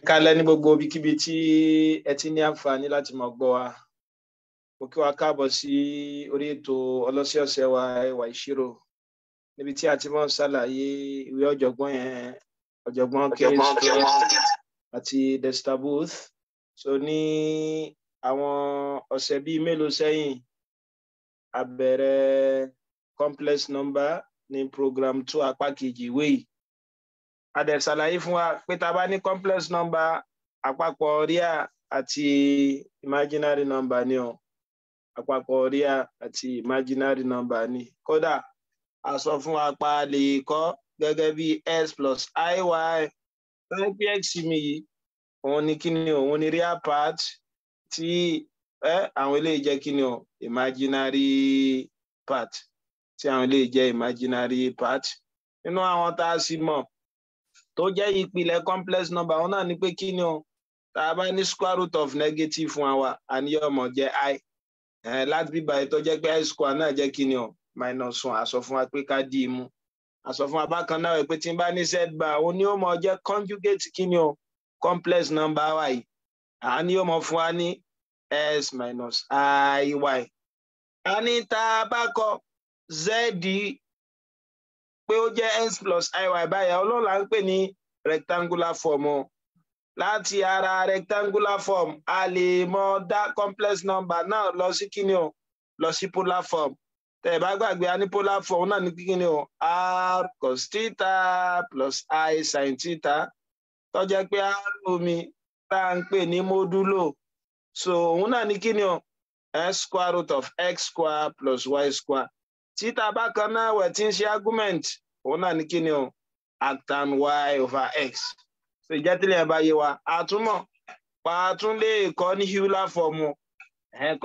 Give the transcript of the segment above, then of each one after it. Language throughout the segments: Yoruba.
ẹ kálẹ́ ní gbogbo ibikíbi tí ẹ ti ní àǹfààní láti máa gbọ́ wa mo kí wa káàbọ̀ sí orí ètò ọlọ́sẹ̀ọ̀sẹ̀ wa ìwà ìṣirò níbi tí a ti máa ń ṣàlàyé ìwé ọ̀jọ̀gbọ́n yẹn ọ̀jọ̀gbọ́n kérésìtò àti Dexter Booth so ní àwọn ọ̀sẹ̀ bíi mélòó sẹ́yìn a complex number ní program two apá kejì ìwé adẹ̀ ṣàlàyé fún wa pé tá bá ní complex number àpapọ̀ real àti imaginary number ni o àpapọ̀ real àti imaginary number ni kódà a sọ fún wa pa lè kọ́ gẹ́gẹ́ bí x plus iy pẹ́ẹ́pì x mi yìí òun ni kí ni òun ni real part tí ẹ àwọn eléyìí jẹ́ kí ni o imaginary part tí àwọn eléyìí jẹ́ imaginary part nínú àwọn tá a sì mọ̀ tó jẹ́ ìpìlẹ̀ complex number òun náà ni pé kí ni o tá a bá ní square root of negative fún wa a ní yóò jẹ́ i láti bíbá yìí tó jẹ́ pé i square náà jẹ́ kí ni o minus one a sọ fún wa pé ká dì í mú a fún wa bákan náà pé tí n bá ní z bar òun ni yóò máa jẹ́ conjugate kí ni o complex number wa yìí a ní yóò fún wa ní s minus i y a ní tá a bá kọ z yìí pé ó jẹ́ x plus iy báyà ọlọ́la ń pè ní rectangular form o láti ara rectangular form a lè mọ dá complex number náà lọ sí kíni o lọ sí polar form tẹ ẹ bá gbàgbé a ní polar form náà ní kíni o r cos theta plus i sin theta tó jẹ́ pé r omi tá à ń pè ní módúlò so òun náà ní kíni o s square root of x square plus y square títa bákan náà wẹ̀ tí ń ṣe argument òun náà ní kí ni o actan y over x ṣe jẹ́ tílẹ̀ bá yé wa àtúmọ̀ pàtún lè kọ́ ní Euler form o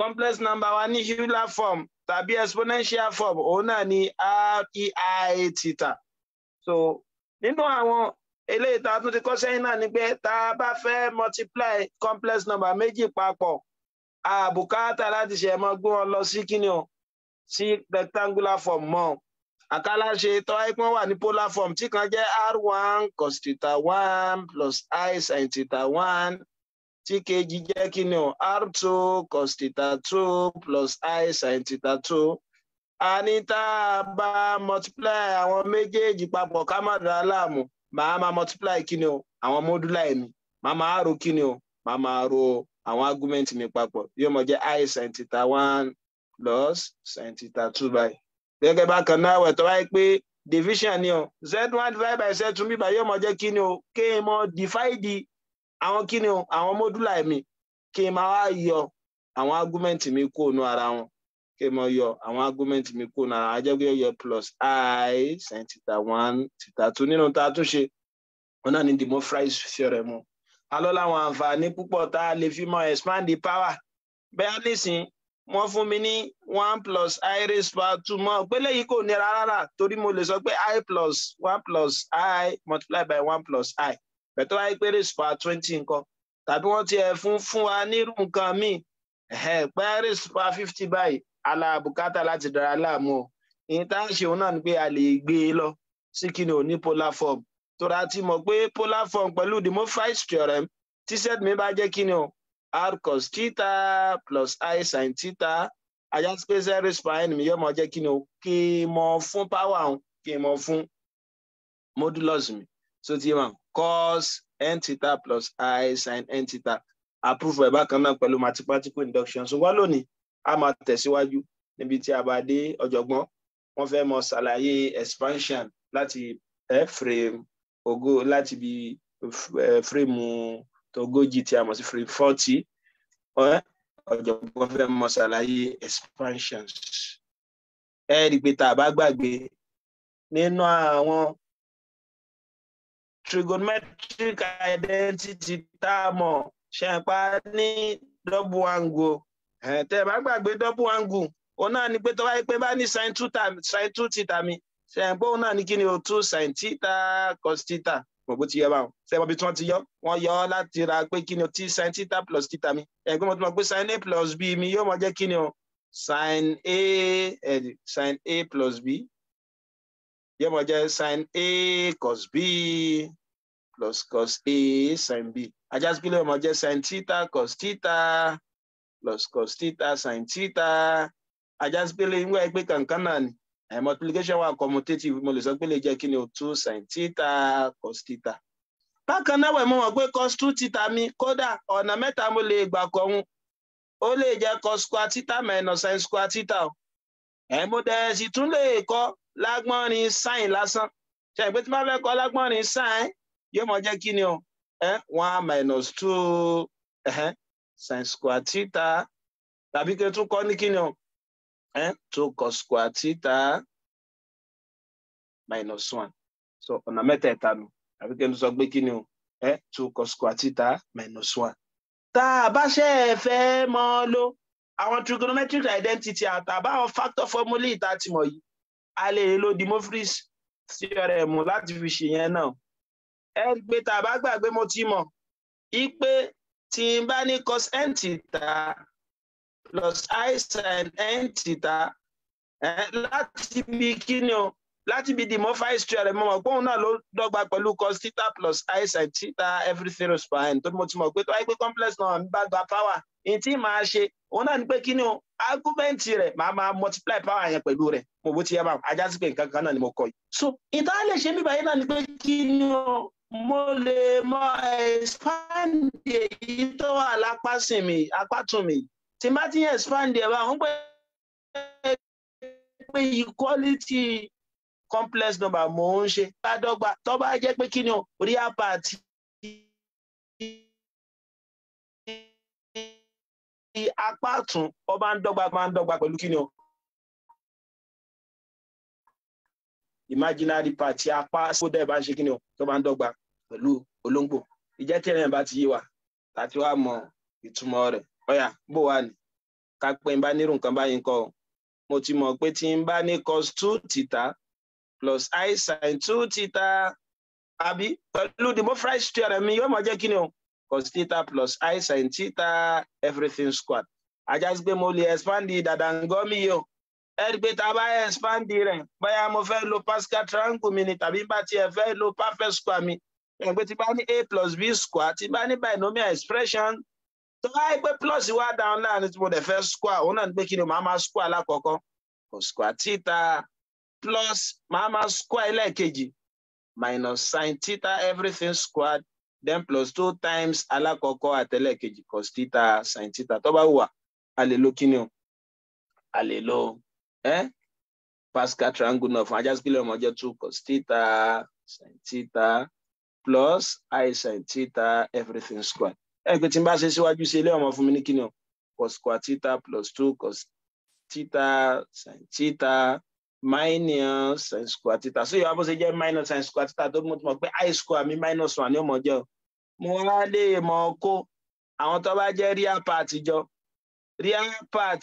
complex number wa ní Euler form tàbí exponential form òun náà ní rei theta so nínú àwọn eléyìí tá a tún ti kọ́ sẹ́yìn náà ni pé tá a bá fẹ́ multiply complex number méjì papọ̀ àbùkátà láti ṣe ẹ̀mọ́ gbé wọn lọ sí kíni o sí rectangular form mọ́ àkàlà ṣe tọ́ ẹ̀pọ́n wà ní polar form tí kan jẹ́ r one cos theta one plus i sin theta one tí kejì jẹ́ kí ni o r two cos theta two plus i sin theta two a ní tá a bá multiply àwọn méjèèjì papọ̀ ká má dá láàmú màá máa multiply kí ni o àwọn módúlà mi màá máa ro kí ni o màá máa ro àwọn argument mi papọ̀ yóò mọ̀ jẹ́ i sin theta one plus sin theta two by. gẹ́gẹ́ bákan náà wẹ̀ tó báyìí pé division ni o z one divided by z two bíbá yóò mọ jẹ́ kí ni o kí n mọ divide àwọn kí ni o àwọn módúlà mi kí n máa wá yọ àwọn argument mi kó nu ara wọn kí n mọ yọ àwọn argument mi kó nu ara wọn ajẹ́ pé yọ plus i sin theta one theta two nínú tá a tún ṣe wọn náà ní more fries. theorem o alọ́ làwọn àǹfààní púpọ̀ tá a lè fi mọ expand the power bẹ́ẹ̀ nísìn wọ́n fún mi ní one plus i raised power two mọ́ pé léyìí kò nira rárá torí mo lè sọ pé i plus one plus i multiply by one plus i bẹ̀tọ́ wáyé pé raised power twenty nǹkan tàbí wọ́n ti ẹ̀ fún fún wa nírú nǹkan míì pé i raised power fifty báyìí alábùkátà láti dára láàmú o ìyẹn tá à ń ṣe òun náà ni pé a lè gbé e lọ sí kíni òní polar form tó ra ti mọ̀ pé polar form pẹ̀lú the Moivre's theorem tí set mi bá jẹ́ kíni o r cos theta plus i sin theta ajá sí pé zero spine mi yóò mọ jẹ́ kí ni o kí mọ fún power òun kí mọ fún modulus mi so ti mọ cos n theta plus i sin n theta approve ẹ̀ bákan náà pẹ̀lú mathematical induction ṣùgbọ́n lónìí a máa tẹ̀síwájú níbi tí a bá dé ọ̀jọ̀gbọ́n wọ́n fẹ́ mọ ṣàlàyé expansion láti ẹ̀ frame ògo láti bi eh, fírímù togójì tí a mọ̀ sí free forty ọ̀jọ̀gbọ́n fẹ́ mọ̀ ṣàlàyé expansions ẹ rí i pé tá a bá gbàgbé nínú àwọn trigonometric identity tá a mọ̀ ṣẹ̀pá ní double angle tẹ́ ẹ bá gbàgbé double angle òun náà ni pé tó bá yẹ pé bá ní sin two theta mi ṣẹ̀pá òun náà ni kí ni o two sin theta cos theta gbogbo ti yọ báwọn sẹ́wọ́n bí tí wọ́n ti yọ wọ́n yọ ọ́ láti ra pé kí ni o t sin theta plus theta mi ẹ̀gbọ́n mo ti mọ̀ pé sin a plus b mi yóò mọ̀ jẹ́ kí ni o sin a sin a plus b yóò mọ̀ jẹ́ sin a cos b plus cos a sin b ajá sí kílẹ̀ ọmọ jẹ́ sin theta cos theta plus cos theta sin theta ajá sí kílẹ̀ ìwé ẹgbẹ́ kankan náà ni multiplication wa commutative mo lè sọ pé lè jẹ́ kí ni o two sin theta cos theta bákan náà wẹ̀ mo mọ̀ pé cos two theta mi kódà ọ̀nà mẹ́ta mo lè gbà kọ́ òun ó lè jẹ́ cos square theta minus sin square theta o ẹ̀ mo dẹ̀ sì tún lè kọ́ lágbọ́nrin sin lásán ṣe ìpè tí wọ́n fẹ́ kọ́ lágbọ́nrin sin yóò mọ̀ jẹ́ kí ni o one minus two sin square theta tàbí kí n tún kọ́ ní kí ni o eh, 2 cos square theta minus 1. So ọ̀nà mẹ́tẹ̀ẹ̀ta nu. Àbí kí n sọ pé kí o? Eh, 2 cos square theta minus 1. Ta a bá ṣe é fẹ́ mọ́ ló, àwọn trigonometric identity àtàbáwọn factor formula ita ti mọ̀ yìí, a lè lo De Moivre's theorem láti fi ṣèyẹn náà. Ẹ gbé tá a bá gbàgbé mo ti mọ̀, ipe tí n bá ní cos n theta plus i sin n theta eh, láti bí kíni o láti bí the modified history rẹ̀ mo mọ̀ pé òun náà ló dọ́gba pẹ̀lú cos theta plus i sin theta everything is fine tó mo ti mọ̀ pé tó wáyé pé complex náà mi bá gba power n tí màá ṣe òun náà ni pé kíni o argument rẹ̀ màá máa multiply power yẹn pẹ̀lú rẹ̀ mo bó ti yẹ báwọn ajá sí pé nǹkan kan náà ni mo kọ yìí. so ìta lè ṣe bíbá yìí náà ni pé kíni o mo lè mọ expand eh, èyí tó wà lápá sí mi apá tún mi tí n bá ti yẹn expand ẹ̀ bá ń pè é pé equality complex number mò ń ṣe bá dọ́gba tó bá jẹ́ pé kí ni o real part apá ọ̀tún ó bá ń dọ́gba máa ń dọ́gba pẹ̀lú kí ni o imaginary part apá sódà ẹ̀ bá ń ṣe kí ni o tó bá ń dọ́gba pẹ̀lú olóńgbò ìjẹ́ tí ẹ̀rẹ̀ bá ti yé wa láti wá mọ ìtumọ̀ rẹ̀ ọ̀yà bó wà ní ká pé n bá nírú nǹkan báyìí kọ́ mo ti mọ̀ pé tí n bá ní cos two theta plus i sin two theta àbí pẹ̀lú the Mopfre's theorem mi yóò máa jẹ́ kí ni o cos theta plus i sin theta everything squared ajá sí pé mo lè expand di dàdàngọ́ mi yìí o ẹ̀rí pé tá a bá expand rẹ̀ bóyá mo fẹ́ lo Pascal triangle mi ni tàbí bá tiẹ̀ fẹ́ lo perfect square mi ẹ̀rí pé tí bá ní a plus b square tí bá ní binomial expression tó bá yẹ pé plus wá down láàrin tí mo dẹ̀ fẹ́ square òun náà ni pé kí ni màá máa square lákọ̀ọ́kọ́ kò square theta plus màá máa square ẹlẹ́ẹ̀kejì minus sin theta everything squared then plus two times alákọ̀ọ́kọ́ àtẹlẹ́ẹ̀kejì cos theta sin theta tó bá wà a lè lo kí ni o a lè lo ẹ́ Pascal triangle náà fún ajá sípìlẹ̀ ọmọ jẹ́ two cos theta sin theta plus i sin theta everything squared ẹ pé tí n bá ṣe síwájú sí ilé ọmọ fún mi ní kíni o cos square theta plus two cos theta sin theta minus sin square theta so ìyàwó bó ṣe jẹ́ minus sin square theta tó mú tó pé i square mi minus one ni ó mọ̀ jẹ́ o mo wá lè mọ̀ kó àwọn tó bá jẹ́ real part jọ real part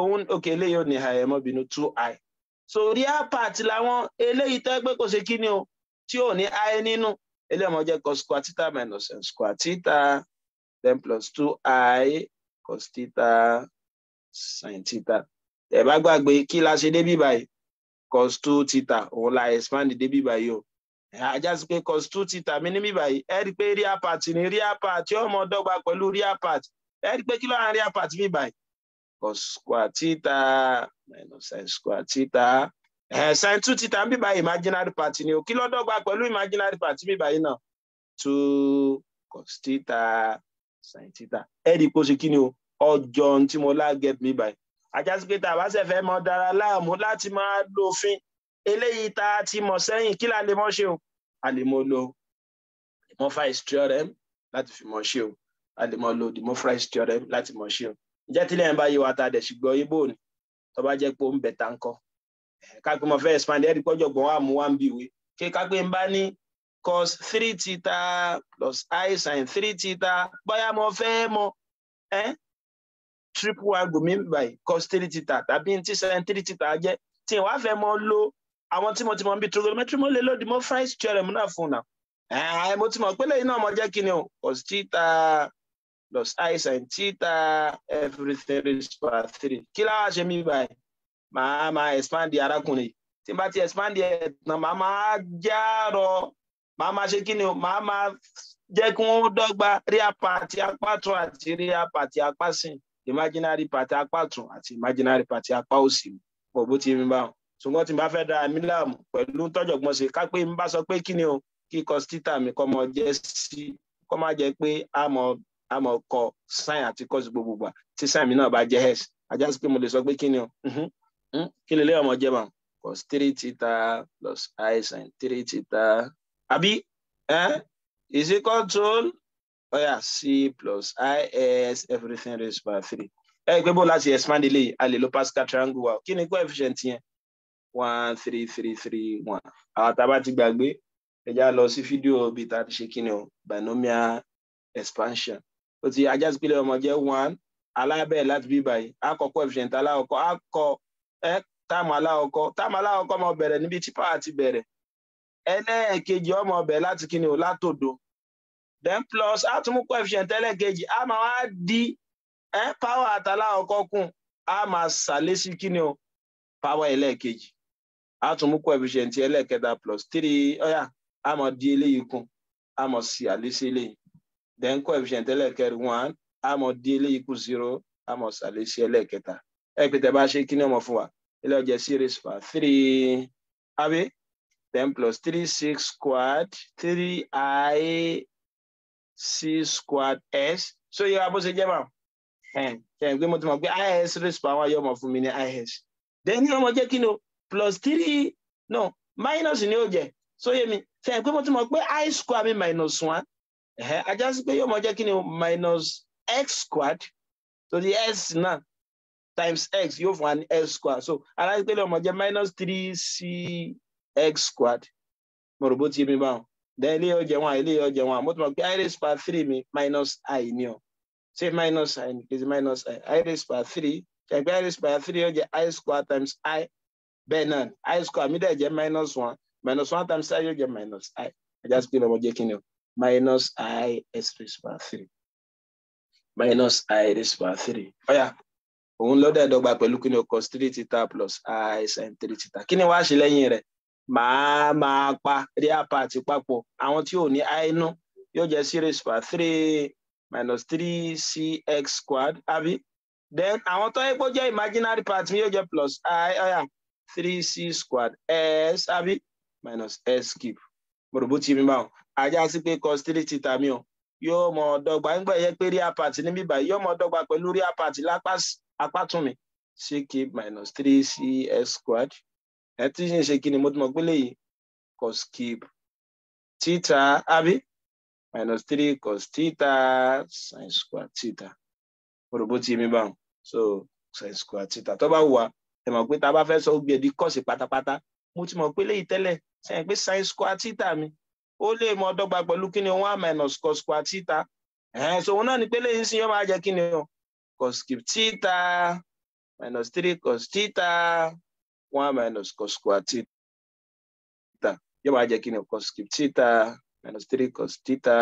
òun òkè eléyìí ò ní ha ẹ̀ mọ́bìnú two i so real part làwọn eléyìí tó pé kò ṣe kíni o tí ò ní i nínú eléyìí ọmọ jẹ́ cos square theta minus sin square theta then plus two i cos theta sin theta. Ẹ bá gbàgbé kí la ṣe débí báyìí cos two theta òun la expand débí báyìí o. Ajá sí pé cos two theta mi níbí báyìí ẹ rí i pé real part ni real part yóò mọ dọ́gba pẹ̀lú real part ẹ rí i pé kí ló wà real part mi báyìí cos square theta minus sin square theta ẹ sin two theta mi báyìí imaginary part ni o kí ló dọ́gba pẹ̀lú imaginary part mi báyìí náà two cos theta sin theta ẹ rí i pé ó ṣe kí ni o ọjọ́ tí mo lá get me by ajá sí pé tá a bá ṣẹ̀fẹ̀ mọ dára láàmú láti máa lo òfin eléyìí tá a ti mọ̀ sẹ́yìn kí la lè mọ̀ ṣe o a lè mọ̀ lo Demophyle's theorem láti fi mọ̀ ṣe o a lè mọ̀ lo Demophyle's theorem láti mọ̀ ṣe o ǹjẹ́ tí lẹ́yìn bá yé wa ta dẹ̀ ṣùgbọ́n ibo ni tó bá jẹ́ pé ó ń bẹ̀ tá ń kọ́ kápẹ́ mo fẹ́ expand ẹ̀rí pọ́jọ́gbọ̀n wa mú wa ń bí ìwé kí kápẹ́ ń bá ní cos three theta plus i sin three theta bóyá mo fẹ́ mo, eh? triple angle mi by cos three theta tàbí tí sin three theta jẹ́ tí wàá fẹ́ mo lo àwọn tí mo ti mọ bí trigonometry mo lè lo the Moffrey's theorem náà fún un náà mo ti mọ̀ pé lẹ́yìn náà mo jẹ́ kíni o cos theta plus i sin theta everything is to three kí láwa ṣe mí báyìí màá máa expand arákùnrin tí n bá ti expand ẹ̀ tán màá máa já rọ màá máa ṣe kí ni o màá máa jẹ́ kí wọ́n dọ́gba real party apá tún àti real party apá sìn imaginary party apá tún àti imaginary party apá òsì pọ̀ bó ti ń bá wọn ṣùgbọ́n tí n bá fẹ́ da mi láàmú pẹ̀lú tọ́jọ̀gbọ́n ṣe ká pé n bá sọ pé kí ni o kí constitution mi kọ́ mọ jẹ́ sí kọ́ má jẹ́ pé àmọ́ àmọ́ kọ sign àti cos gbogbo gbà tí sign mi náà bá jẹ́ s ajá sí pé mo lè sọ pé kí ni o kí lè lé ọmọ jẹ́ bá cos three theta plus i sin three theta àbí is it control? Oh yeah, c plus I S everything raised by three ẹ gbé bó láti expand ilé a lè lo Pascal triangle Can you go coefficient yẹn one three three three one àwọn tá a bá ti gbàgbé ẹja lọ sí fídíò bíi tá a ti ṣe kí ni binomial expansion But ti ajá sí pílẹ̀ ọmọ jẹ́ one alábẹ́ láti bí báyìí akọ coefficient aláwọ̀kọ́ akọ ẹ táàmù aláwọ̀kọ́ táàmù aláwọ̀kọ́ máa bẹ̀rẹ̀ níbi tí power ti bẹ̀rẹ̀ ẹlẹ́ẹ̀kejì ọmọ ọbẹ láti kíni o látòdo then plus a tún mú coefficient ẹlẹ́ẹ̀kejì a máa wá di ẹ power àtàlà ọkọ a máa sàlẹ̀ sí kíni o power ẹlẹ́ẹ̀kejì a coefficient plus three ọ̀yà a máa di eléyìí kùn a máa sì àlẹ́ eléyìí then coefficient one a máa di eléyìí zero a máa sí ẹ bá ṣe ọmọ fún wa ilé ọjà series fa three then plus 3c squared 3i c squared s so you wa bó ṣe jẹ bá ẹn ẹn pé to ti i s is raise power yọ ọmọ fún mi ní is then you ọmọ jẹ kí ni o plus three no minus in ó so you mean? ẹn pé mo to mọ i squared mi minus one I just sí pé yọ ọmọ minus x squared so the s náà times x you have one s squared so I like to jẹ minus three c x squared mo rò bó ti mi báwọn then ilé ọjà wọn ilé ọjà wọn àmọ́ tó mọ̀ pé i raised power three mi minus i ni o ṣé minus i ni kìí minus i i raised power three ṣàgbé i raised power three ọjà i squared times i bẹ́ẹ̀ náà i squared mi dẹ̀ jẹ́ minus one minus one times i yóò jẹ́ minus i ajá sí pé lọ́mọ jẹ́ kí ni o minus i s raised power three minus i raised power three ọ̀yà òun ló dẹ̀ dọ́gba pẹ̀lú kí ni o cos three theta plus i sin three theta kí ni wàá ṣe lẹ́yìn rẹ̀ máa máa pa real part papọ̀ àwọn tí ò ní àìnú yóò jẹ́ series for three minus three cx squared àbí then àwọn tó yẹ kó jẹ́ imaginary part mi yóò jẹ́ plus i ọ̀yà three c squared s àbí minus s cube mọ̀rọ̀bù tí mi báwọn ajá sí pé cos three theta mi o yóò mọ dọ́gba nígbà yẹ pé real part ní bíbá yóò mọ dọ́gba pẹ̀lú real part lápá tún mi c cube minus three c s squared ẹ tí ń ṣe kíni mo ti mọ̀ pé léyìí cos cube theta àbí minus three cos theta sin square theta mo rò bó ti mi so sin square theta tó bá wù wá ẹ mọ̀ pé tá a bá fẹ́ sọ gbé di cos pátápátá mo ti mọ̀ pé léyìí tẹ́lẹ̀ sẹ́yìn pé sin square theta mi ó lè mọ dọ́gba pẹ̀lú kíni one minus cos square theta ẹ̀hẹ́n so òun náà ni pé léyìí sì yóò máa jẹ́ kíni o cos cube theta minus three cos theta one minus cos square theta You máa jẹ́ kí ni cos cube theta minus three cos theta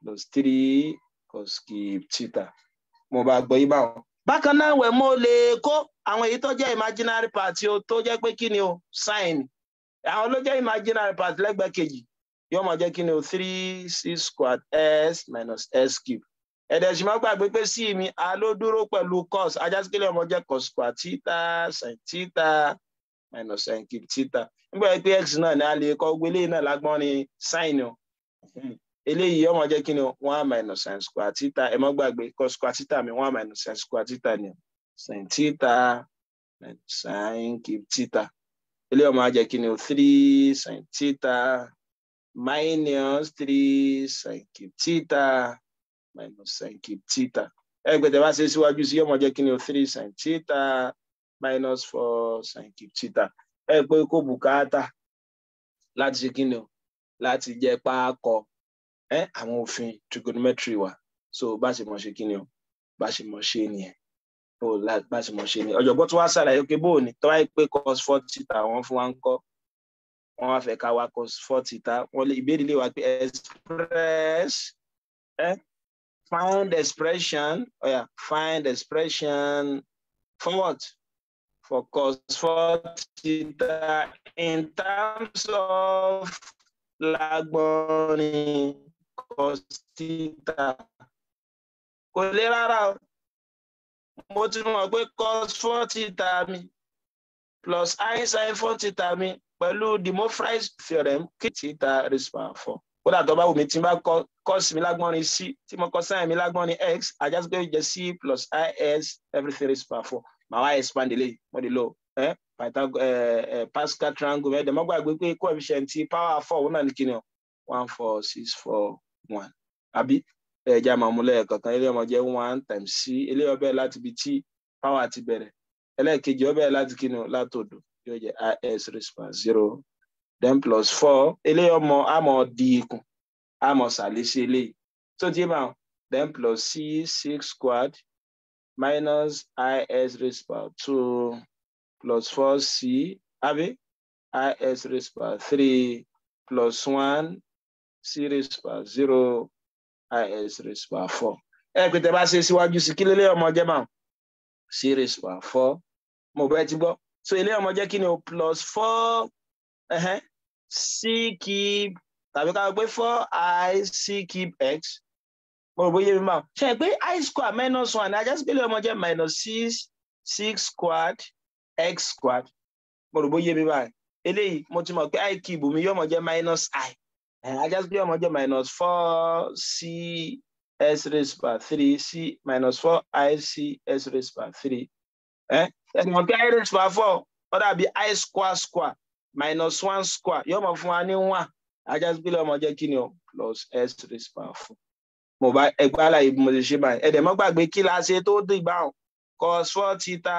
plus three cos cube theta mo bá gbọ́ yí báwọn. now we're more mo lè kó àwọn èyí tó imaginary part o tó jẹ́ pé kí ni o sine àwọn ló imaginary part like back yóò máa jẹ́ kí ni three c squared s minus s cube ẹ̀dẹ̀sìmọ́ gbàgbé pé sí mi a ló dúró pẹ̀lú cos ajásíkélé ọmọ jẹ́ cos square sin theta minus sin nígbà x náà ni a lè kọ́ gbélé náà lágbọ́n ni sin o eléyìí ọmọ jẹ́ kí sin square theta ẹ gbàgbé cos mi one minus sin square theta ni sin theta sin cube theta eléyìí ọmọ jẹ́ kí ni sin theta minus sin minus sin cube theta ẹgbẹ́ tẹ́ bá ṣe síwájú sí yóò jẹ́ kí ni o three sin theta minus four sin cube theta ẹ pé kó bùkátà láti ṣe kí ni o láti jẹ́ pákọ ẹ àwọn òfin trigonometry wa so bá ṣe mọ̀ ṣe kí ni o bá ṣe mọ̀ ṣe nìyẹn bó bá ṣe mọ̀ ṣe nìyẹn ọ̀jọ̀gbọ́n tí wàá ṣàlàyé pé bó o ní tọ́wá pé cos four theta wọ́n fún wa ń kọ́ wọ́n wá fẹ́ ká wa cos four theta wọ́n lè ìbéèrè lè wá pé express ẹ. Find expression, oh yeah, find expression for what? For cos 4 theta in terms of Lagboni cos theta. Kò lè rárá o. Mo ti cos four theta plus i sin four theta mi the Moffre's theorem kí theta raised power kódà tó bá wù mí tí n bá kọ cos mi lágbọ́nrin c tí mo kọ sin mi lágbọ́nrin x I just ó jẹ c plus is everything raised by four màá wá expand eléyìí mo lè lo eh, eh, eh, Pascal triangle mẹ́ẹ̀dẹ̀ mọ́ gbàgbé pé coefficient power four wọn náà ní kíni o one four six four one àbí ẹ̀já máa mú lẹ́ẹ̀kọ̀kan ilé ọmọ jẹ́ one times c ilé ọbẹ̀ láti ibi tí power ti bẹ̀rẹ̀ ẹlẹ́ẹ̀kejì ọbẹ̀ láti kíni o látòdò yóò jẹ́ is raised by zero then plus four eléyìí ọmọ àmọ́ di ikùn àmọ́ sàlẹ̀ sí eléyìí tó ti bá then plus c six squared minus is raised power two plus four c àbí is raised power three plus one c raised power zero is raised power four ẹ pé tẹ bá ṣe síwájú sí kí lélẹ́yìn ọmọ jẹ́ bá c raised power four mo bẹ́ẹ̀ ti gbọ́ so eléyìí ọmọ jẹ́ kí ni o plus four. Uh-huh. C cube tàbí ká gbé four i c cube x mo rò bóyá mi máa ṣe pé i square minus one ajáṣepẹ̀lẹ̀ ọmọ jẹ́ minus six six squared x squared mo rò bóyá mi báyìí eléyìí mo ti mọ̀ pé i cube mi yóò mọ̀ jẹ́ minus i ajáṣepẹ̀lẹ̀ ọmọ jẹ́ minus four c s raised by three c minus four i c s raised by three ẹ̀ ẹ̀ mọ̀ pé i raised by four ó dà i square square. minus one square yóò máa fún wa ní one ajá sí pílẹ̀ ọmọ jẹ́ kí ni o plus x to the square. four mo bá ẹgbẹ́ àlàyé bí mo ṣe ṣe báyìí ẹ̀dẹ̀ mọ́ gbàgbé kí la ṣe tó dìgbà o cos four theta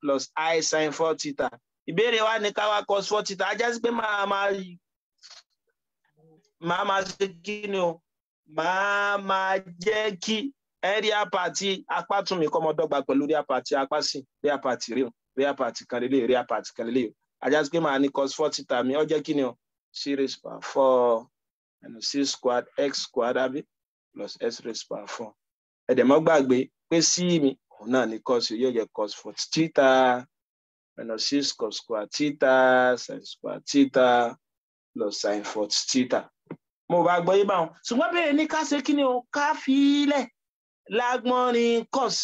plus i sin four theta ìbéèrè wa ní ká cos four theta ajá máa máa máa máa ṣe kí ni o máa máa jẹ́ kí area party apá tún mi kọ́ ọmọ dọ́gba pẹ̀lú area party apá sí area party rí o area party kan lélẹ̀ area party kan lélẹ̀ o ajá sí pé màá ní cos four theta mi ó jẹ́ series power four and c squared x squared àbí plus x raised per four ẹ̀dẹ̀mọ́ gbàgbé pé c mi òun náà ní cos yóò jẹ́ cos four theta minus c cos square theta sin square theta plus sin four theta mo bá gbọ́ yí báwọn ṣùgbọ́n bẹ́ẹ̀ ní ká ṣe kí ni o ká fi ilẹ̀ lágbọ́n ní cos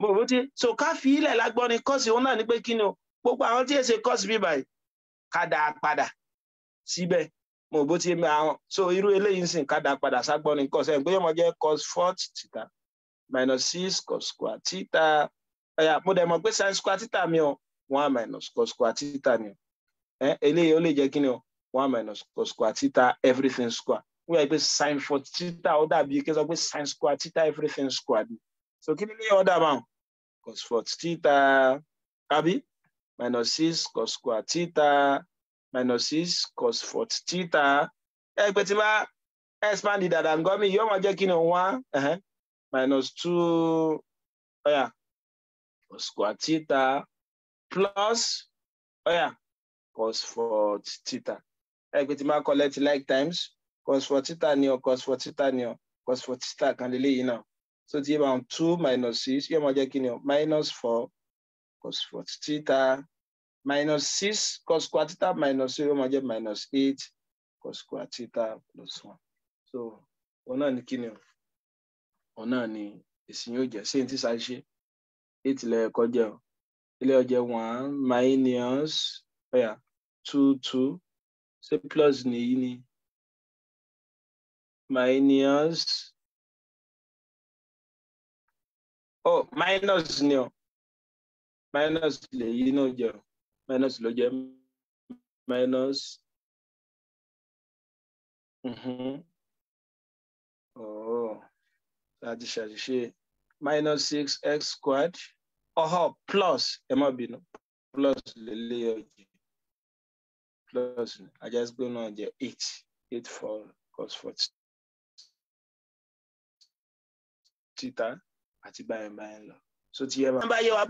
mo so ká fi ilẹ̀ lágbọ́n ní cos òun náà ní gbogbo àwọn tí èsè kọ́ọ̀sì bíbà yìí kádà padà síbẹ̀ mo bó ti mẹ àwọn so irú eléyìí ń sìn kádà padà ságbọ́n ní kọ́ọ̀sì ẹ̀ pé yọmọ jẹ́ cos four theta minus six cos square theta ẹ̀yà mo dẹ̀ mọ̀ pé sin square theta mi o one minus cos square theta ni o ẹ eléyìí ó lè jẹ́ kí ni o one minus cos square theta everything square wíwá yìí pé sin for theta ó dàbí kí n sọ pé sin square theta everything square ni so kí ni ní ọ̀dà báwọn cos for tita, àbí minus six cos square theta minus six cos fort theta ẹ pé tí bá expand dàda nǹkan mi yóò máa jẹ́ kí ni wọ́n minus two ọ̀yà cos square theta plus ọ̀yà cos fort theta ẹ pé tí bá collect like times cos fort theta ni o cos fort theta ni o cos fort theta kan lélẹ́yìn náà so ti yẹ bá two minus six yóò máa jẹ́ kí ni ọ minus four cos 4 theta minus 6 cos square theta minus 0 máa jẹ́ minus 8 cos square theta plus 1. So ona náà ni kí ni òun náà ni èsì yóò jẹ́ sí ti sáré ṣe 8 lẹ́ẹ̀kọ́ jẹ́ o ilé ọjẹ́ 1 minus yeah 2 2 se plus nìyí ni minus oh minus ni o minus lèyí náà jẹ minus ló jẹ minus láti ṣàṣìṣe minus six x squared ọ̀họ́ plus ẹ má bínú plus lélẹ̀ ọ̀jẹ̀ plus ajásígbó náà jẹ eight eight four cos forty títà àti báyìí báyìí lọ so ti yẹ bá. nọ́mbà yẹ wà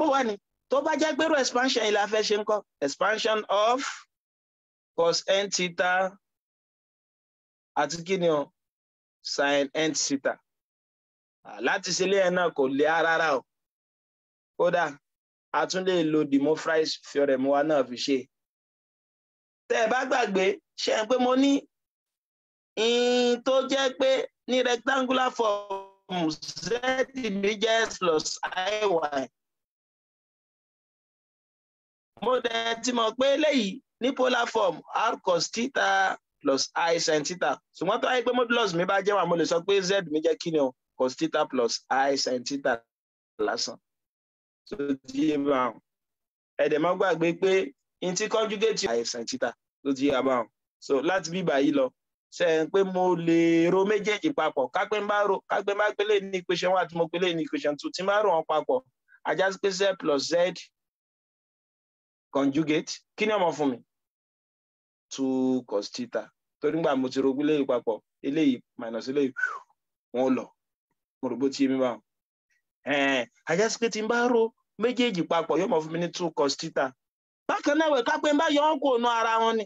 tó bá jẹ́ pẹ̀rọ expansion ilé afẹ́ ṣe ń kọ́ expansion of cos n theta àti kí ni o sin n theta láti ṣe ilé yẹn náà kò lè rárá o kódà a tún lè lo De Moivre's theorem wa náà fi ṣe tẹ́ ẹ bá gbàgbé ṣe é pé mo ní in tó jẹ́ pé ní rectangular form z mi jẹ́ plus iy mo dẹ̀ ti mọ̀ pé léyìí ní polar form r cos theta plus i sin theta ṣùgbọ́n tó wáyé pé modulus mi bá jẹ́ wà mo lè sọ pé z mi jẹ́ kí ni o cos theta plus i sin theta lásán tó di yébà hàn ẹ̀dẹ̀ má gbàgbé pé n ti conjugate i sin theta tó di yébà hàn so láti bí báyìí lọ ṣe ń pé mo lè ro méjèèjì papọ̀ kápẹ́ ń bá ro kápẹ́ ń bá pélé ní equation one àti mo pélé ní equation two tí n bá rò wọn papọ̀ ajá pé z plus z conjugate kini ni ọmọ fún mi two cos theta torí ngbà mo ti ro eléyìí papọ̀ eléyìí minus eléyìí wọn lọ mo rò bó ti yé mi báwọn àjẹsí pé tí n bá ro méjèèjì papọ̀ yóò mọ̀ fún mi ní two cos theta bákan náà wẹ̀ ká pé n bá yọ ọ́n kò nu ara wọn ni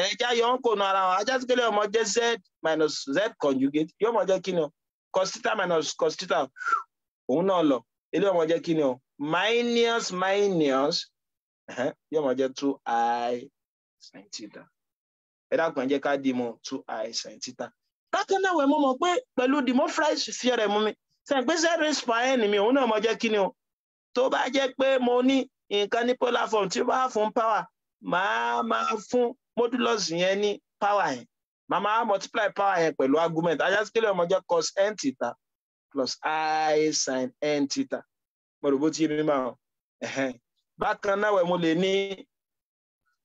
ẹja yọ ọ́n kò nu ara wọn ajá sí pé ọmọ jẹ́ z minus z conjugate yóò mọ̀ jẹ́ kini ni o cos theta minus cos theta òun náà lọ eléyìí ọmọ jẹ́ kí o minus minus yóò máa jẹ́ two i sin theta ẹ dákun ẹ jẹ́ ká dì mọ́ two i sin theta bákan náà wẹ̀ mo mọ̀ pé pẹ̀lú De Moivre's theorem mi sẹ́yìn pé zero is per n mi òun náà mọ̀ jẹ́ kí ni o tó bá jẹ́ pé mo ní nǹkan ní polar form tí ó bá fún power màá máa fún modulus yẹn ní power yẹn màá máa multiply power yẹn pẹ̀lú argument ajásikẹ́lẹ̀ ọmọ jẹ́ cos n theta plus i sin n theta mo rò bó ti yé mi máa hàn bákan náà wẹ̀ mo lè ní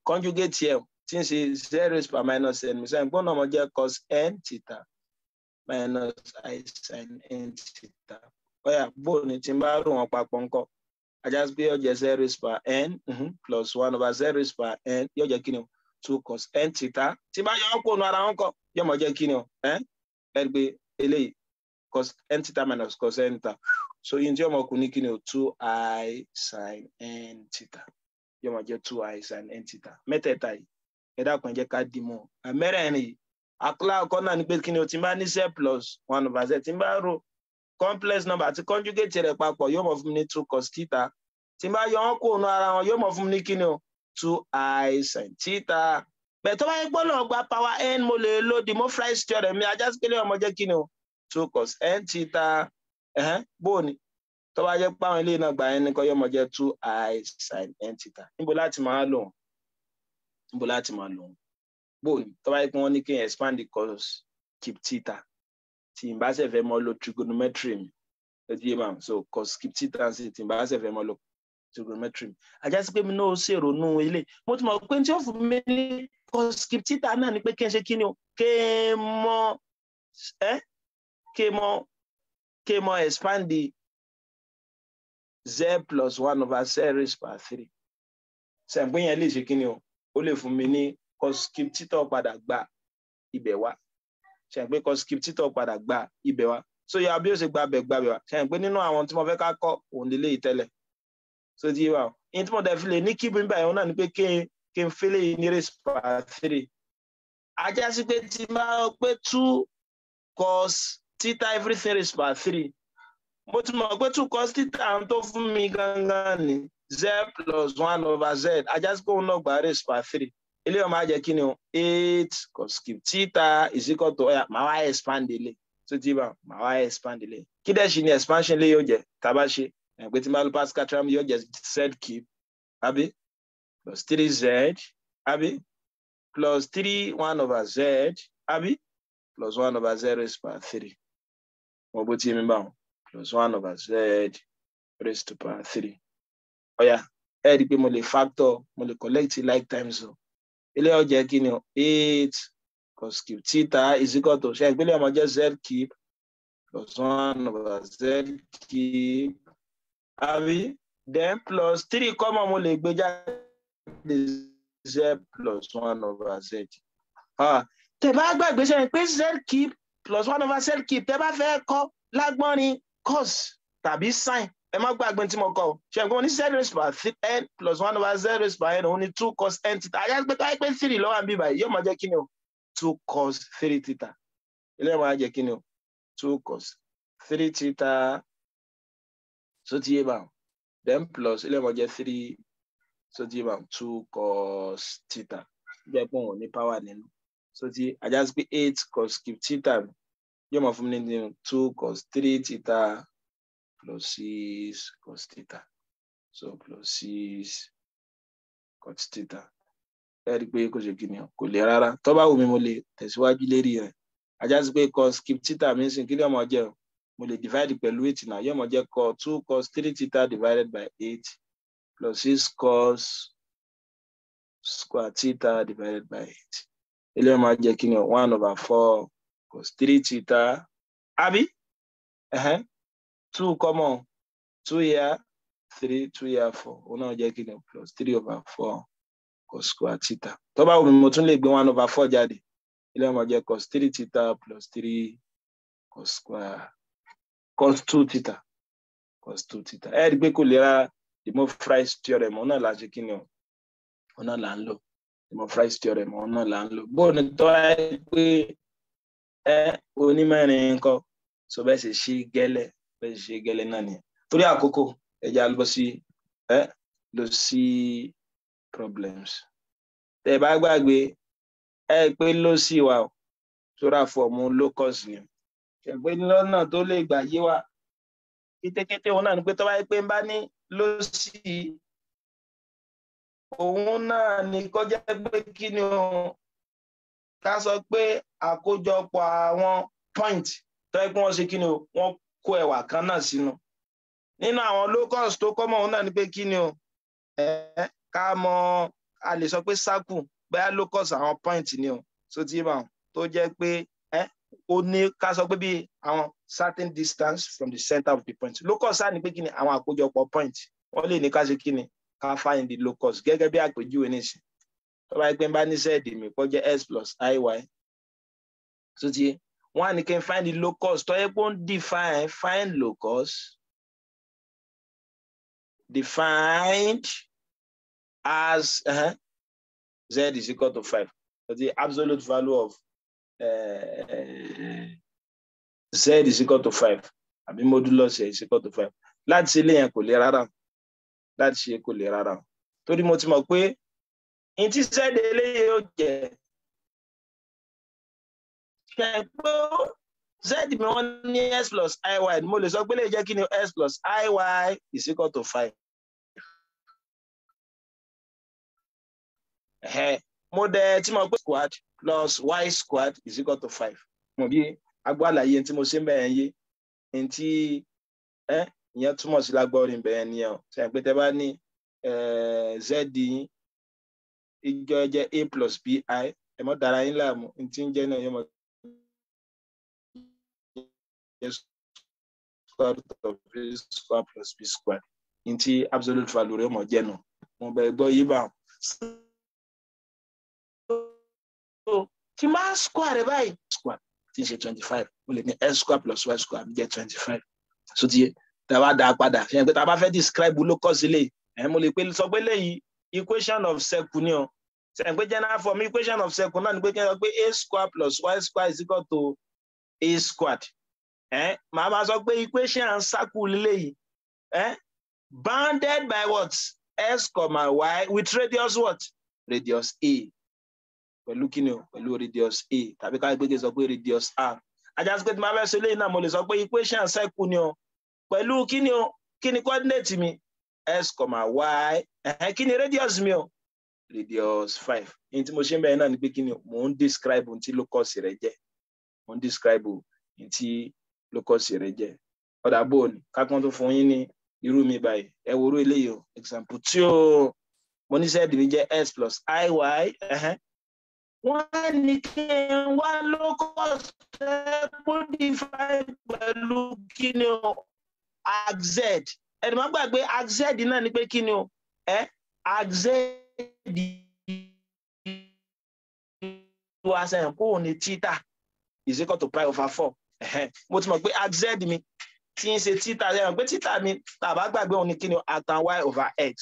conjugate m tí ń ṣe zero raised by minus n mìíràn gbọ́dọ̀ mọ̀ jẹ́ cos n theta minus i sin n theta ọ̀yà bóun ni tí n bá rò wọ́n papọ̀ ńkọ́ ajá sí yóò jẹ́ zero raised by n mhm, plus one over zero raised by n yóò jẹ́ kí ni o two cos n theta tí n bá yọ ọ́ kó nu ara wọn kọ́ yóò mọ̀ jẹ́ kí ni o ẹ ẹ gbé eléyìí cos n theta minus cos n theta so yìí tí ọmọ ọkùnrin kí o two i sin n tita. yóò máa jẹ two i sin n tita. mẹ́tẹ̀ẹ̀ta yìí ẹ dákun ẹ jẹ́ ká dì mọ́ mẹ́rẹ̀ẹ̀rin yìí àkọlá ọkọ̀ náà ni pé kí o ti bá ní z plus one over z ti bá ro complex number àti conjugate rẹ̀ papọ̀ yóò mọ̀ fún mi ní two cos tita. tí n bá yọ wọn kúrò náà ara wọn yóò mọ̀ fún mi ní kí o two i sin tita. bẹ́ẹ̀ tó bá yẹ gbọ́dọ̀ gba power n mo lè lo the mofrais theorem mi ajá sí pé ọmọ jẹ́ kí o two cos n tita bóò ni tó bá jẹ́ páwọn ilé náà gbà yẹn ní kọ́yọ́mọ jẹ́ two Eyes sin entita theta níbo láti máa lò wọ́n níbo láti máa lò wọ́n bóò ni tó bá jẹ́ pé wọ́n ní kí n expand the cos keep theta tí n bá ṣe fẹ́ mọ́ lo trigonometry mi lójú yé màá so cos keep theta sí tí n bá ṣe fẹ́ mọ́ lo trigonometry mi àjá sí pé mi náà ṣèrònú ilé mo ti mọ̀ pé tí ó fún mi ní cos keep theta náà ni pé kí n ṣe kí ni o kí n mọ ẹ kí n mọ K more expand the z plus one over z raised by three. Ṣẹ̀gbọ́n yẹn lè ṣe kí o? Ó lè fún mi ní coscriptor padà gba ibẹ̀ wá. Ṣẹ̀gbọ́n coscriptor padà gba ibẹ̀ wá. So yà bí ó ṣe gba bẹ̀ gba bẹ̀ wá. Ṣẹ̀gbọ́n nínú àwọn tí mo fẹ́ ká kọ́ òun lè lè tẹ́lẹ̀. So ti yé wa o. Ìyẹn tí mo dẹ̀ fi lè ní kíbi nígbà yẹn náà ni pé kí n kí n fẹ́lẹ̀ yìí ní raised by three. Ajá sí pé ti máa pé two cos títà everything is by three mo ti mọ̀ pé two cos títà tó fún mi gangan ni z plus one over z ajásíkò òun náà gbà raise by three ilé ọmọ ajẹ kí ni o eight cos cube títà is equal to ọyà màá wá expand ilé tó ti bá màá wá expand ilé kí dẹ̀ ṣe ni expansion ilé yóò jẹ tábà ṣe ẹ̀ pé tí malu pascal tram yóò jẹ z cube àbí plus three z Abi. plus three one over z Abi. plus one over zero is by three mo bó tí mi bá wọn plus one over z raised to power three ọ̀yà ẹ rí i pé mo lè factor mo lè like times So, ele ọjà kí ni eight Cause keep theta is equal to ṣe ìpínlẹ̀ ọmọ jẹ́ z cube plus one over z Keep. àbí then plus three kọ́mọ mo lè gbé z plus one over z. Ah, tẹ̀ bá gbàgbé sẹ́yìn pé z keep plus one over cell cube tẹ́ bá fẹ́ kọ́ lágbọ́nrin cause tàbí sign. ẹ má gbàgbé tí mo kọ o ṣe nǹkan ní zero raised three n plus one over zero raised by n òun ni two cos n theta ayé pé káyé pé three lọ́wọ́ àbí báyìí yóò máa jẹ́ kí o two cos three theta ilé máa jẹ́ kí o two cos three theta so ti yé báwọn then plus ilé máa jẹ́ three so ti yé báwọn two cos theta jẹ́ pé òun ní power nínú so ti ajá sí pé eight cos cube theta mi yóò máa fún mi two cos three theta plus six cos theta so plus six cos theta ẹ rí i pé kò ṣe kí ni kò le rárá tó bá wù mí mo lè tẹ̀síwájú lérí rẹ̀ ajá sí pé cos theta mi ń sìn kí ọmọ jẹ́ o mo lè divide pẹ̀lú eight náà yóò mọ̀ jẹ́ cos two cos three theta divided by eight plus six cos square theta divided by eight eléyìí máa jẹ́ kí ni one over four cos three theta abi, ẹ̀hẹ́n two common two here three two here four òun náà jẹ́ plus three over four cos square theta tó bá wù mo tún lè gbé one over four jáde ilé ọmọ jẹ́ cos three theta plus three cos square cos two theta cos two theta ẹ rí i pé kò lè ra the more price theorem òun náà la ṣe kí ni o òun náà là ń lò the more price theorem òun náà là ń lò bóun ni tọ́ ẹ pé ẹ onímẹ́rin nǹkan so bẹ́ẹ̀ ṣe ṣe gẹ́lẹ́ bẹ́ẹ̀ ṣe gẹ́lẹ́ náà nìyẹn torí àkókò ẹja lọ ẹ lọ sí problems tẹ bá gbàgbé ẹ pé ló sì wà ó sóra fọọmù locus ni ṣẹgbẹ lọ́nà tó lè gbà yé wa kétékété òun náà ni pé tó bá yẹ pé ń bá ní ló sì òun náà ni kọjá pé kí ni òun ká sọ pé àkójọpọ̀ àwọn point tó yẹ kí wọ́n ṣe kí ni o wọ́n kó ẹ̀wà kan náà sínú nínú àwọn locus tó kọ́ mọ̀ òun náà ni pé kí ni o ẹ̀ ká mọ a lè sọ pé circle bẹ́ẹ̀ locus àwọn point ni o tó ti mọ̀ tó jẹ́ pé ẹ̀ ó ní ká sọ pé bí àwọn certain distance from the center of the point locus á ní pé kí ni àwọn àkójọpọ̀ point wọ́n lè ní ká ṣe kí ni ká find the locus gẹ́gẹ́ bí àpèjúwe nísìn tó bá yẹ pé n bá ní z mi kó jẹ́ x plus iy tó ti wọ́n á ní find the locus tó yẹ pé ó define find locus defined as uh-huh, z is equal to five so the absolute value of uh, z is equal to five àbí modulus ẹ̀ is equal to five láti ṣe eléyàn kò lè rárá láti ṣe kò lè rárá torí mo ti mọ̀ pé ntí sẹ́ẹ̀dì eléyìí ó jẹ́ ṣẹ̀gbọ́ z mi wọ́n ní x plus iy mo lè sọ pé lè jẹ́ kí ni x plus iy is equal to five. mo dẹ̀ tí mo pé squared plus y squad is equal to five. mo bí agbó àlàyé tí mo ṣe ń bẹ̀rẹ̀ yé ntí ìyẹn túmọ̀ sí lágbọ́ọ̀rì bẹ̀rẹ̀ nìyẹn o ṣe pé tẹ bá ní z yín ìjọ jẹ a plus bi ẹ mọ dára yín láàmú n tí ń jẹ náà yóò jẹ square root of a square plus b square n tí absolute value rẹ mọ jẹ nù mo bẹ gbọ́ yí bá wọn. tí máa square rẹ báyìí square tí ń ṣe twenty five mo lè ní x square plus y square mi jẹ twenty five so ti tá a bá dá a padà fi hàn pé tá a bá fẹ́ describe locus ilé ẹ̀ mo lè pe sọ pé lẹ́yìn equation of circle. ni o sẹ́yìn pé general form equation of circle. náà ni pé kẹ́kọ̀ọ́ pé a square plus y square is equal to a squared eh? màá máa sọ pé equation circle lélẹ́yìí eh? bounded by what S comma y with radius what radius a pẹ̀lú kíni o pẹ̀lú radius a tàbí ká gbégbé sọ pé radius r ajásí pé tí màá fẹ́ sọ eléyìí náà mo lè sọ pé equation circle ni o pẹ̀lú Kini o kíni coordinate mi x comma y ẹ̀hẹ́n kí ni radius mi o radius five ní tí mo ṣe ń bẹ̀rẹ̀ náà ni pé kí ni mò ń describe ohun tí locus rẹ̀ jẹ́ mò ń describe ohun tí locus rẹ̀ jẹ́ ọ̀dà bò ní kákan tó fún yín ní irú mi báyìí ẹ wo orú eléyìí o example tí o mo ní sẹ́ẹ̀dì mi jẹ́ x plus iy ẹ̀hẹ́n wọ́n ní kí n wá locus ẹ̀ modified pẹ̀lú kí ni o axz ẹ̀dùnmọ́ gbàgbé axed náà ni pé kí ni o ẹ́ axed tó aṣọ ẹ̀ kó ní títà is equal to over four mo ti mọ̀ pé axed mi ti ń ṣe títà ẹ̀rọ pé títà mi tàbá gbàgbé òun ni kí ni o atan y over x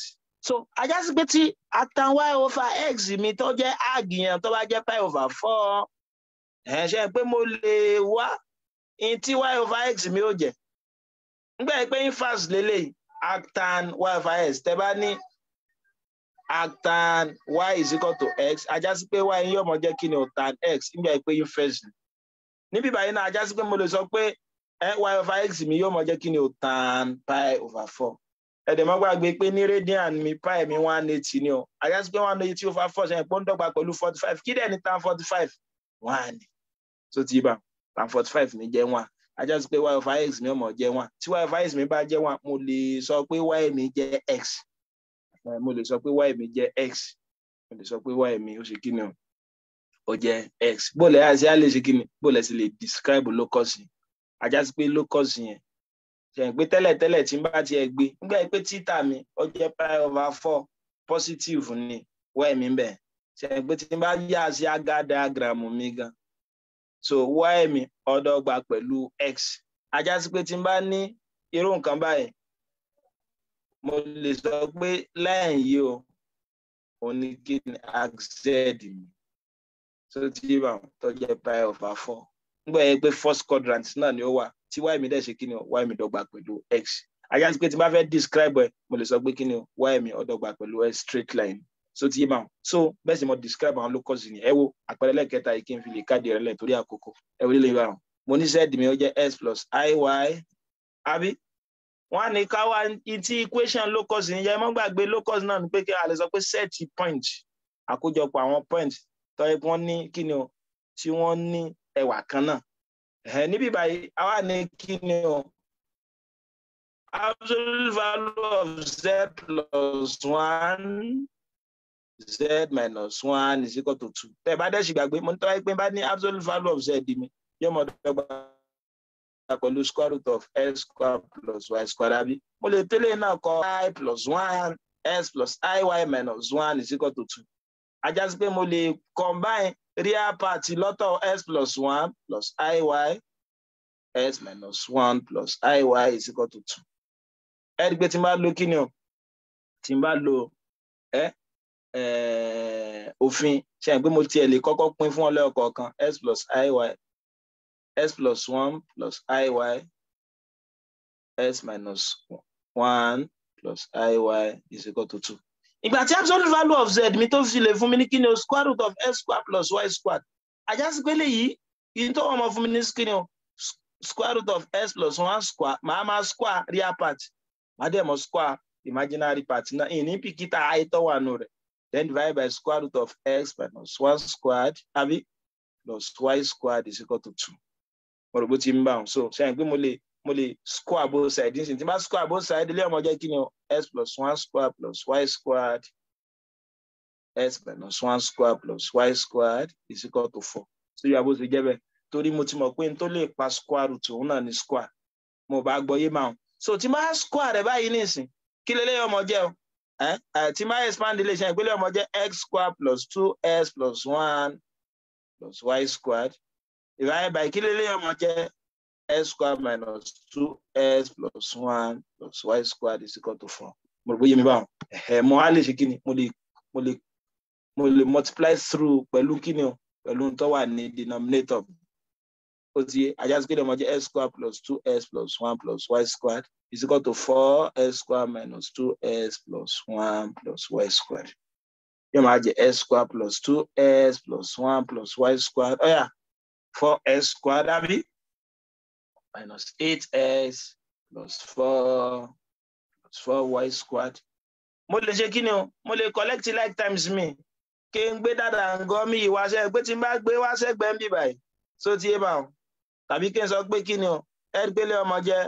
so ajá sí pé tí atan y over x mi tó jẹ́ àgìyàn tó bá jẹ́ pi over four ẹ̀ ṣe pé mo lè wá in y over x mi ó jẹ́ nígbà yẹn pé infas lélẹ̀ actan y over x tẹ́ bá ní actan y is equal to x ajá sí pé y yóò mọ jẹ́ kí ni o tan x nígbà yẹn pé infas ni níbí báyìí náà ajá sí pé mo lè sọ pé y over x mi yóò mọ jẹ́ kí ni o tan pi over four ẹ̀dẹ̀ mọ́ gbàgbé pé ní radian mi pi mi one eighty ni o ajá sí pé one eighty over four ṣẹ̀yìn pé ó ń dọ́gba pẹ̀lú forty five kí dẹ̀ tan forty five one so ti bá tan forty five mi jẹ́ one ajá sí pé y of x mi ọmọ jẹ one tí y of x mi bá jẹ one mo lè sọ pé y mi jẹ eh, x mo lè sọ pé y mi jẹ x mo lè sọ pé y mi ó ṣe kí ni o ó jẹ x bóòlù àti a lè ṣe kí ni bóòlù ẹsẹ lè describe locus yẹn ajá sí pé locus yẹn ṣẹ̀yìn pé tẹ́lẹ̀tẹ́lẹ̀ tí n bá tiẹ̀ gbé nígbà pé títà mi ó jẹ́ pi over four positive ni y mi ń bẹ̀ ṣẹ̀yìn pé tí n bá yá sí aga diagram mi gan so y ọdọgba pẹ̀lú x ajá sí pé tí n bá ní irú nǹkan báyìí mo line yìí o òun ni kí so ti tó jẹ́ pi a four nígbà yẹn first quadrant náà ni ó wà tí y mi dẹ̀ ṣe pẹ̀lú x ajá sí pé tí n bá fẹ́ describe ẹ mo lè ọdọgba pẹ̀lú x straight line so ti yé so bẹ́ẹ̀ sì mo describe àwọn locus ni ẹ wo àpẹẹrẹ lẹ́ẹ̀kẹta yìí kí n fi lè káàdì rẹ lẹ̀ torí àkókò ẹ wọlé lè bá wọn mo ní z mi ó jẹ́ x plus iy àbí wọn á ká wá ti equation locus yìí yẹ mọ́ gbàgbé locus náà ni pé kí a lè sọ pé set point àkójọpọ̀ àwọn point tó yẹ kí wọ́n ní kí ni o tí wọ́n ní ẹwà kan náà ẹ̀hẹ́ níbí báyìí a wá ní kí ni o absolute value of z plus one z minus one is equal to two tẹ bá dẹ̀ sì gbàgbé mo ń tọ́ pé bá ní absolute value of z mi yóò mọ dọ́gba pẹ̀lú square root of x square plus y square àbí mo lè tẹ́lẹ̀ náà kọ i plus one x plus y minus one is equal to two ajá sí pé mo lè combine real part lọ́tọ̀ x plus one plus iy x minus one plus y is equal to two ẹ rí i pé tí n bá lo kí ni o tí n bá lo ẹ. Eh? Eh, òfin ṣe àgbé mo tiẹ̀ lè kọ́kọ́ pín fún ọlọ́yọ̀ kọ̀ọ̀kan s plus iy s plus one plus iy s minus one plus iy is equal to two. ìgbà tí absolute value of z mi tó fi lè fún mi ní kí ni o square root of s square plus y square àjásí pé léyìí yìí tó wọ́n mọ̀ fún mi ní kí ni o square root of s plus one square màá máa square real part màá dẹ̀ mọ̀ square imaginary part náà ìní pìkítà àìtọ́wànú rẹ̀ then divide by square root of x minus one squared àbí plus y squared is equal to two mo rò bó ti so ṣe àyìn pé mo lè mo lè square both sides nísìnyí tí square both sides ilé ọmọ jẹ́ kí x plus one squared plus y squared x minus one squared plus y squared is equal to four so yóò abó ti jẹ́ bẹ́ẹ̀ torí mo ti mọ̀ pé n tó lè square root òun náà ni square mo bá gbọ́ yé so tí square rẹ̀ báyìí nísìnyí kí lélẹ́yìn ọmọ jẹ́ o tí máa expand relation ìpínlẹ̀ ọmọ jẹ́ x square plus two s plus one plus y squared divided by kí lélẹ́yìn ọmọ jẹ́ x square minus two s plus one plus y squared is equal to four mo rò bóyá mi báwọn mo á lè ṣe kí ni mo lè mo lè mo lè multiply through pẹ̀lú kí ni o pẹ̀lú tó ní denominator ó ti yé àjàsíkèdè ọmọ jẹ́ x square plus two s plus one plus y squared is equal to four s squared minus two s plus one plus y squared yóò máa jẹ́ x plus two s plus one plus y squared Oh yeah, four s squared àbí minus eight s, plus four plus four y squared mo lè ṣe mo lè collect like times me. King better than dáadáa ń gọ́ mi ìwáṣẹ́ pé tí n bá gbé wáṣẹ́ gbẹ́ so ti yé tàbí kí n sọ pé kí ni o ẹ́ẹ́dì pélé ọmọ jẹ́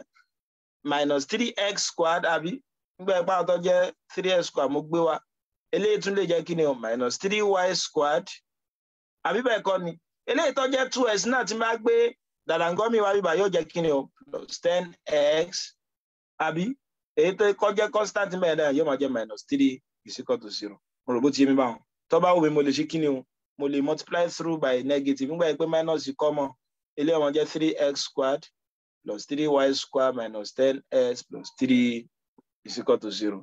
minus three x squared àbí nígbà ipá ọ̀tọ̀ jẹ three x squared mo gbé wa eléyìí tún lè jẹ́ kí ni o minus three y squared àbí bẹ́ẹ̀ kọ́ ni eléyìí tó jẹ́ two x náà ti máa gbé dàdàngọ́mì wa bíbá yóò jẹ́ kí ni o plus ten x àbí èyí tó kọ́ jẹ́ constant mẹ́rin náà yóò máa jẹ́ minus three is equal to zero mo rò bó ti yé mi báwọn tó bá wù mí mo lè ṣe kí ni o mo lè multiply through by negative nígbà yẹn minus kọ́ mọ́ eléyìí wọn jẹ́ three x squared plus three y squared minus ten x plus three is equal to zero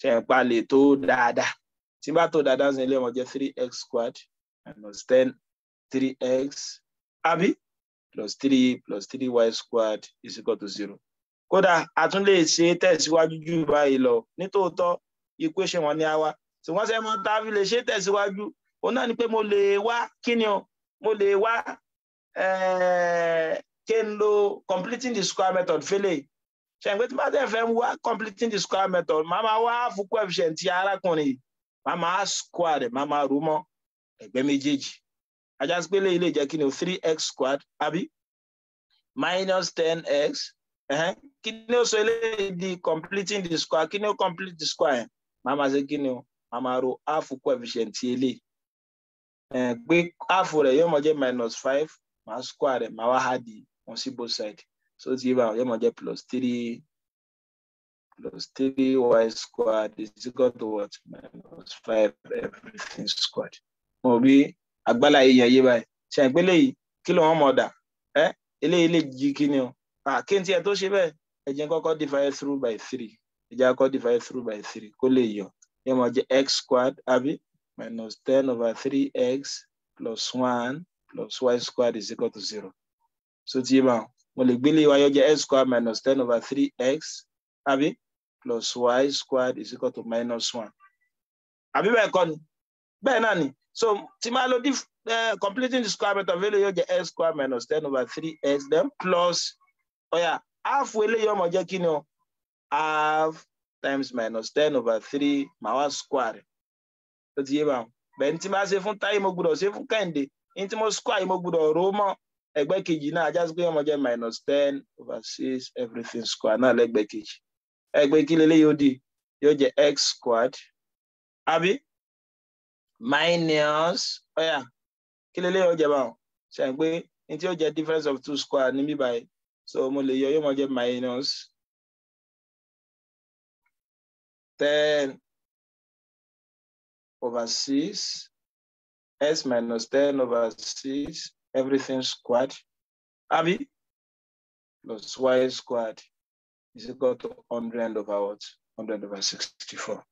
ṣe ń pa lè tó dáadáa tí bá tó dáadáa sí eléyìí wọn jẹ́ three x squared minus ten three x abi plus three plus three y squared is equal to zero kódà a tún lè ṣe tẹ̀síwájú jù báyìí lọ nítòótọ́ equation wọn ni a wá tí wọ́n ṣe mọ́ tá ṣe tẹ̀síwájú òun náà ni pé mo lè wá kí o mo lè wá Eh, Kendo completing the square method fẹ́lẹ̀ ṣẹ̀ǹgbẹ́ tí máa tẹ̀ fẹ́ ń wá completing the square method máa máa wá fún coefficient ti arákùnrin yìí square rẹ̀ máa máa rò mọ́ ẹ̀gbẹ́ méjèèjì ajáspélé ilé jẹ́ kí ni o three x square. àbí minus ten x kí ni o sọ eléyìí di completing the square kí ni o complete the square yẹn máa máa ṣe kí ni o máa máa rò half coefficient ti eléyìí pé half rẹ̀ yóò mọ̀ jẹ́ minus five màá square rẹ̀ màá wá hadi wọn sí both side so ti yíba yóò máa plus three plus three y squared is equal to what minus five everything squared. mo rí agbálá yìí yẹn yé báyìí ṣe àgbélé yìí kí ló wọn mọ̀ dà ẹ́ eléyìí lè jí kí ni o àkéntì ẹ̀ tó ṣe bẹ́ẹ̀ ẹ divide through by three ẹ jẹ́ kọ́kọ́ divide through by three kó lè yọ yóò máa jẹ́ x squared Abi minus ten over three x plus one plus y squared is equal to zero so ti yé ma mo lè gbélé wa x squared minus ten over three x àbí plus y squared is equal to minus one àbí bẹ́ẹ̀ kọ́ ni bẹ́ẹ̀ náà so ti máa eh, completing the square root of eléyìí yóò jẹ x squared minus ten over three x then plus oh yeah, half eléyìí ọmọ jẹ́ kí ni half times minus ten over three màá square So, tó ti yé báwọn bẹ́ẹ̀ ni tí máa ṣe fún táyé mo gbọ́dọ̀ ṣe ní tí mo square yìí mo gbọ́dọ̀ rò ó mọ́ ẹgbẹ́ kejì náà ajá sí pé ọmọ jẹ́ minus ten over six everything square náà lẹ́gbẹ́ kejì ẹgbẹ́ kí lélẹ́ yóò di yóò jẹ́ x squared àbí minus ọ̀yà kí lélẹ́ yóò jẹ́ báwọn ṣe é pé ní tí yóò jẹ́ difference of two square níbí báyìí so mo lè yọ yóò mọ jẹ́ minus ten over six s minus 10 over 6, everything squared, Abby, plus y squared is equal to 100 over what? 100 over 64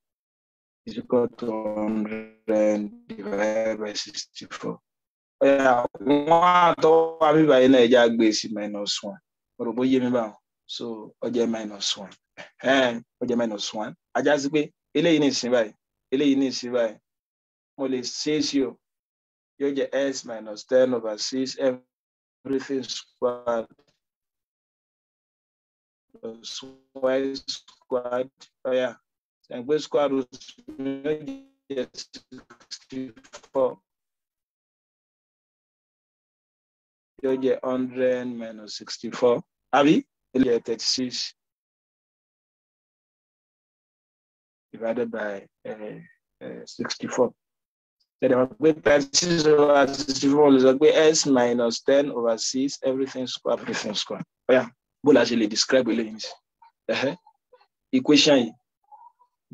is equal to 100 divided by 64. Wọ́n àtọ́wọ́ àbíbá yìí náà ẹja gbé sí minus one. Mo rò you mean mi So ó jẹ́ minus one. Ó jẹ́ minus one. Ajá sí pé eléyìí ní ìsín báyìí. Eléyìí ní ìsín báyìí. Mo lè ṣe é sí o. you get s minus 10 over 6, everything squared plus y squared. Oh, yeah. And we square root 64. You get 100 minus 64. Abi, you get 36 divided by uh, uh, 64. tẹ̀lé wọn pé thirty six over sixty four lè sọ pé s minus 10 over 6. everything square everything square ọ̀yà oh, bó la ṣe lè describe eléyìí ní sí equation yìí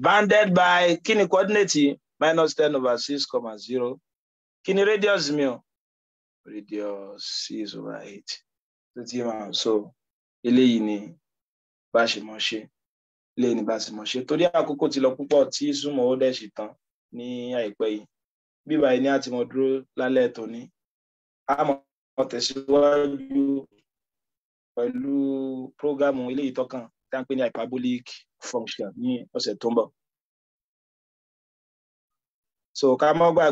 bounded by kini coordinate minus 10 over 6, comma 0. Kini radius mi radius six over 8. tó ti máa so eléyìí ni bá a ṣe mọ̀ ṣe ni bá a ṣe mọ̀ ṣe torí ti lo púpọ̀ ti súnmọ́ ó dẹ̀ ṣe tán ní àìpẹ́ yìí bíbá yìí ni a ti mọ̀ dúró lálẹ́ tòní a mọ̀ tẹ̀síwájú pẹ̀lú prógámù eléyìí tọ́kàn tá à ń pè ní hyperbolic function ní ọ̀sẹ̀ tó ń bọ̀. so ká mọ́ gbàgbé.